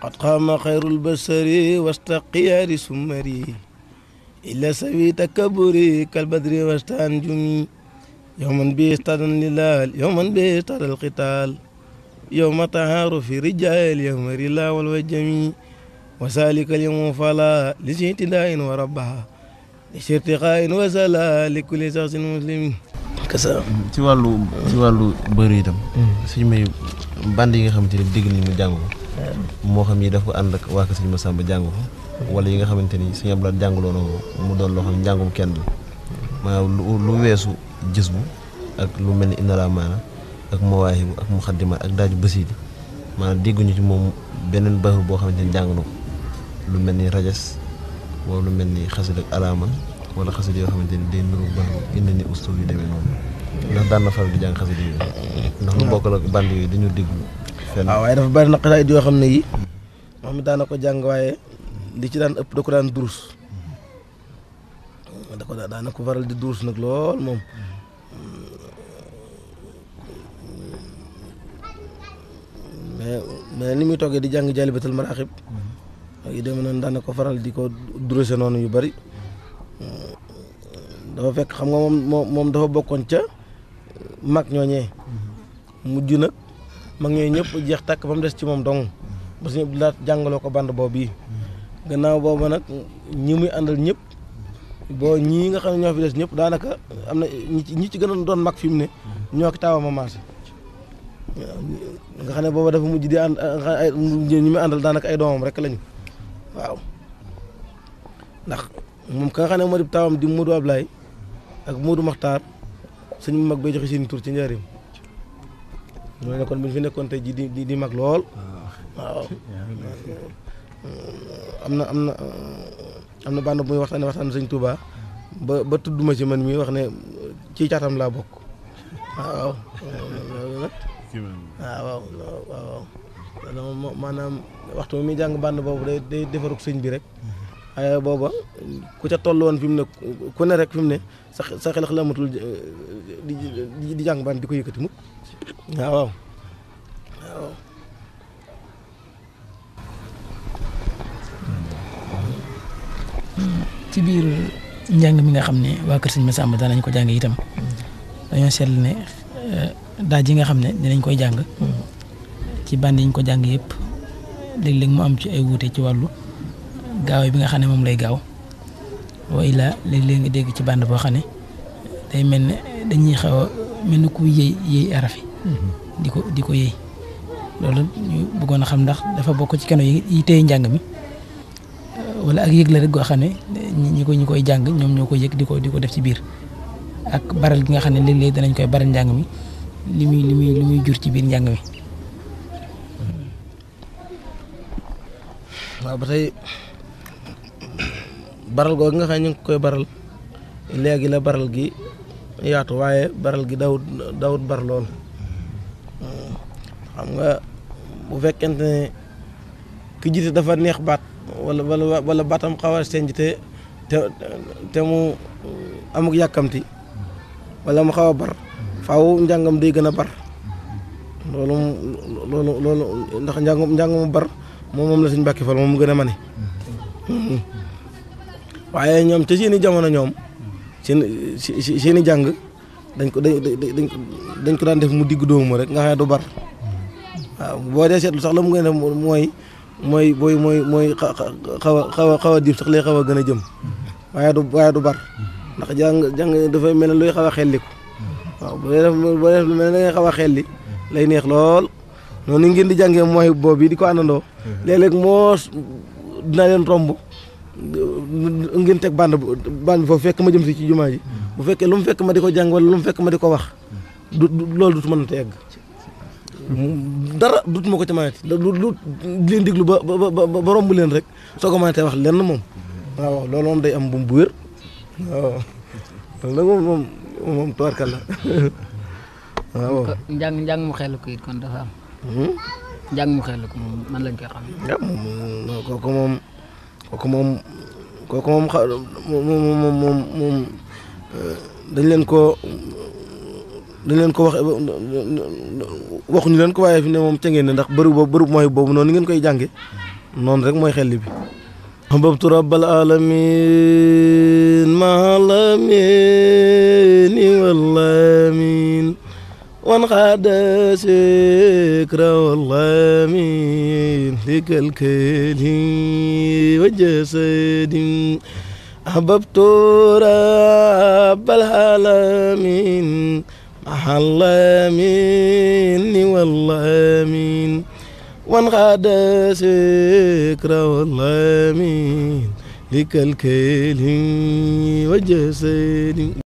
قد قام خير البشر واستقيار سمري إلا سوي تكبري كالبدر واشتان جمي يوما به استاد يوما به القتال يوم تهار في رجال يوم رلا والوجمي وسالك اليوم فلا لشتلاء وربها لشرتقاء وزلا لكل شخص مسلم kasa ci walu ci walu beuri itam suñu may bandi nga xamanteni deg ni mu jangu moo xam yi daf ko ànd ak waa Kër Sëñ Masamba jàng ko wala yi nga xamante ni Sëñ Abdu Lahat jàngaloo na mu doon loo xam ne njàngum kenn la maanaam lu weesu gis ak lu mel ni inna laa maana ak mawaahibu ak muxaddimaat ak daaju basiidi maanaam dégguñu ci moom beneen baaxul boo xamante ni jàng na ko lu mel ni rajas wala lu mel ni xasid ak alaama wala xasid yoo xamante ni day nuru baax indi ni ustu yu demee noonu ndax daan na faral di jàng xasid yooyu ndax lu bokk la band yooyu dañu déglu waaw ah, waaye dafa bari na xasaayit yoo xam ne yi moom it daana ko jàng waaye li ci daan ëpp da di durus nag lool moom mais di jàng jalibatul maraaxib ak yu demee noonu daana ko di ko duruse noonu yu bari dafa fekk xam nga ma ngee ñëpp jeex tak bam dess ci mom dong ba suñu abdulaat jangalo ko band boobu bii gannaaw bobu nak ñi muy andal ñëpp bo ñi nga xam ñoo fi dess ñëpp daanaka am na ñi ci gënal doon mak fi ne ñoo ki taw ma maase nga xane bobu dafa mujj di and ñi muy àndal daanaka ay doomam rek lañu waaw ndax moom ka xane modib tawam di Modou ablay ak Modou Makhtar suñu mag bay joxe seen tour ci njaarim mooy ne kon bu ñu fi nekkoon tey ji di mag lool. Ah. waaw mm, am na am na uh, am na bànn bu muy waxtaanee waxtaan sëñ Touba ba ba tudd ma ci man mii wax ne ci caatam laa bokk waaw. waaw waaw waaw maanaam waxtu mi jàng bànn boobu day day defarug sëñ bi rek. Mm-hmm. waaye booba ku ca toll woon fi mu ne ku ne rek fi mu ne sa sa xel xel amatul uh, di di jàng bànn di ko yëkkati mukk No. No. ci biir njàng mi nga xam ne waa kër sëñ Massamba danañ ko jàng itam dañoo seetlu ne eh, daa ji nga xam ne dinañ koy jàng ci band yi ñu ko jàng yépp léeg-léeg mu am ci ay wuute ci wàllu gaaw bi nga xam ne moom lay gaaw wa ila léeg-léeg nga dégg ci band boo xam ne day mel ne dañuy xaw a mel ne ku yëy yëy arafi di ko di ko yëy loolu ñu bëggoon a xam ndax dafa bokk ci keno yi téye njàng mi euh, wala ak yëg la rek goo xam ne ñi ko ñu koy jàng ñoom ñoo ko yëg di ko def ci biir ak baral gi nga xam ne léeg-léeg danañ koy baral njàng mi li li muy li jur ci biir njàng mi. Hmm. baral googu nga xam ne ñu ngi koy baral léegi la baral gi yaatu waaye baral gi dawut dawut barloon xam nga bu fekkente ne ki jiite dafa neex baat wala wala wala baatam xaw a senj te te mu amuk yàkkamti wala mu xaw a bar faaw njàngam day gën a bar loolu loolu loolu ndax njàngam njàngam bar moom moom la suñ bàkki fal moom gën a mane waaye ñoom ca seeni jamono ñoom seen seeni jàng dañ ko dañ dañ ko daan def mu digg doomu rek nga xam du bar waaw boo dee seetlu sax la mu gën a mooy mooy booy mooy mooy xaw xaw a xaw a lay xaw a gën a jëm waaye du waaye du bar ndax jàng jàng dafay mel ne luy xaw a xelliku lu mel ne ngay xaw a xelli lay neex lool noonu ngeen di jàngee mooy boobu di ko àndandoo léeg-léeg leen romb ngeen teg bande bande foofu fekk ma jëm si ci jumaa ji bu fekkee lu mu fekk ma di ko jàng wala lu mu fekk ma di ko wax du loolu du mën a yegg dara dut ma ko ci manati lu lu leen diglu ba ba ba romb leen rek soo ko manatee wax lenn moom waaw loolu moom day am bu bu wér waaw loolu moom moom moom tubarkalla waaw. mu xel ko it kon dafa am. Hmm? njàng mu xel ko moom kooku moom kooku moom dañ leen ko dañ leen ko wax waxuñu leen ko waaye fi ne moom ca ngeen ne ndax bërëb boobu bërëb mooy boobu noonu ngeen koy jànge noonu rek mooy xel bi ahbabtu rabbal alamin maalamin wallamin wan xaada sikra wallamin dikal këli wa jasadim ahbabtu rabbal alamin الله مني والله امين وانغاد سكرة والله امين لك الكيل وجسد